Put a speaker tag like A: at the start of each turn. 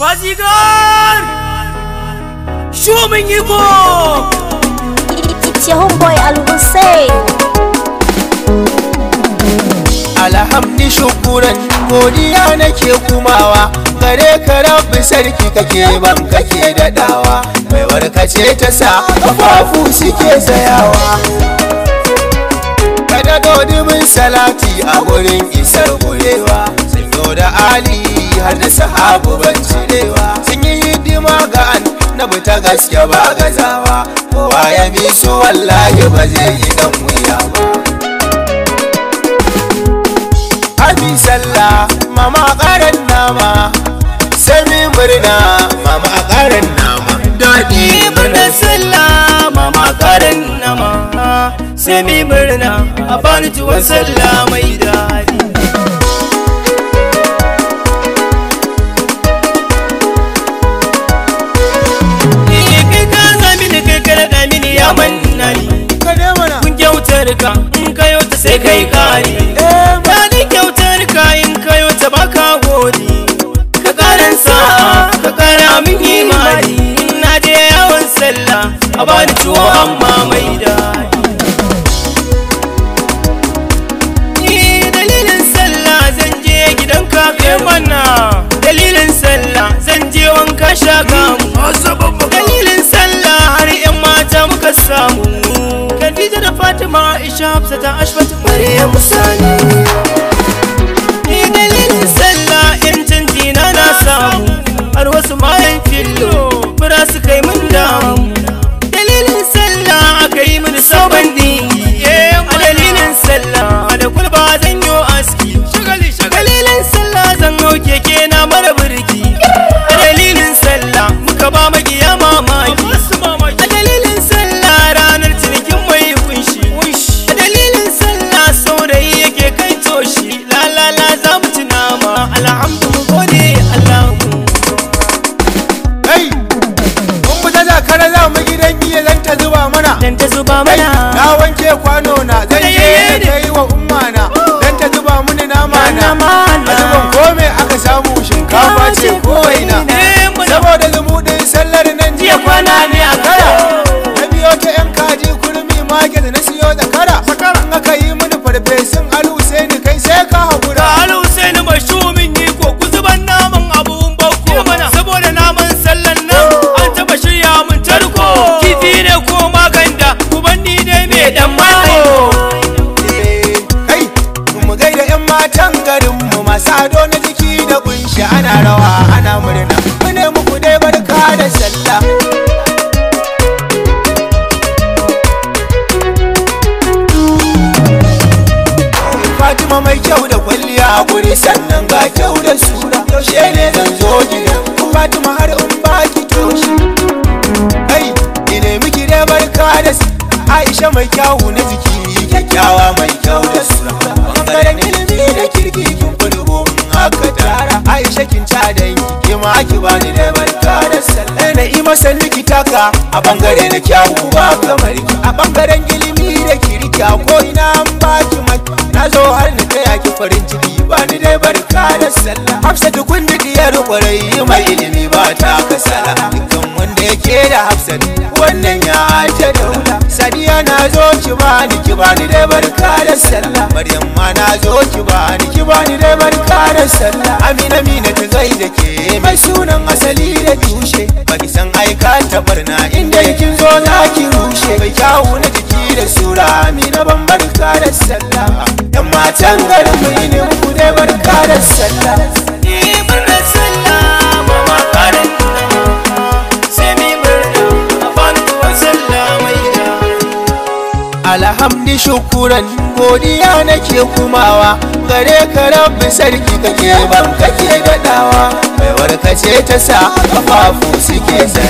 A: me your move! It's your homeboy Alhamdi shukuran godiya nake kumawa kare ka rabbi sarki kake ban kake dadawa mai warkace ta sa kafafu suke tsayawa kada dodi salati a gurin isar gurewa sun da ali har da sahabu ban cirewa sun yi hidima ga an na ta gaske ba gazawa kowa ya mi su wallahi ba zai yi dan wuya ba Abi sallah mama karin nama sami murna mama karin nama daɗi murna sallah mama karin nama sami murna a bani tuwon sallah mai da sai kai kari ba eh, ni kyautar kayan kayo ta baka godi ka karan sa'a ka kara min imani Ina je yawon sallah a bani tuwo amma maida شاب ستة أشبت مريم سالم mana dan ta zuba mana na wanke kwano na zan je ta yi wa umma na dan ta zuba mini nama na a zuban kome aka samu shinkafa ce ko ina rawa ana murna mune muku dai barka da sallah Fatima mai kyau da kwalliya a guri sannan ga kyau da sura yaushe ne zan zo gida Fatima har in baki toshi kai ine miki dai barka da Aisha mai kyau na jiki kyakkyawa mai kyau da sura. masa niki taka a bangare na kyawu ba kamar ki a bangaren ilimi da kirki a ko ina an baki maki na zo har na taya ki farin ciki ba ni dai barka da sallah hafsa tukun da diyar kwarai mai ilimi ba ta kasala dukkan wanda yake da hafsa wannan ya aje daula sadiya na zo ki ba ni ki ba ni dai barka da sallah maryam ma na zo ki ba ni ki ba ni dai barka ranar sallah amina mina ta zai da ke mai sunan asali da tushe baki san aika ta barna inda yakin zo na ki rushe mai kyawu na jiki da sura amina ban barka da sallah yan matan garin mu ne ku dai barka da sallah hamdi shukuran godiya nake kumawa gare ka rabbi sarki kake ban kake gadawa baiwar warkace ta sa kafafu suke zai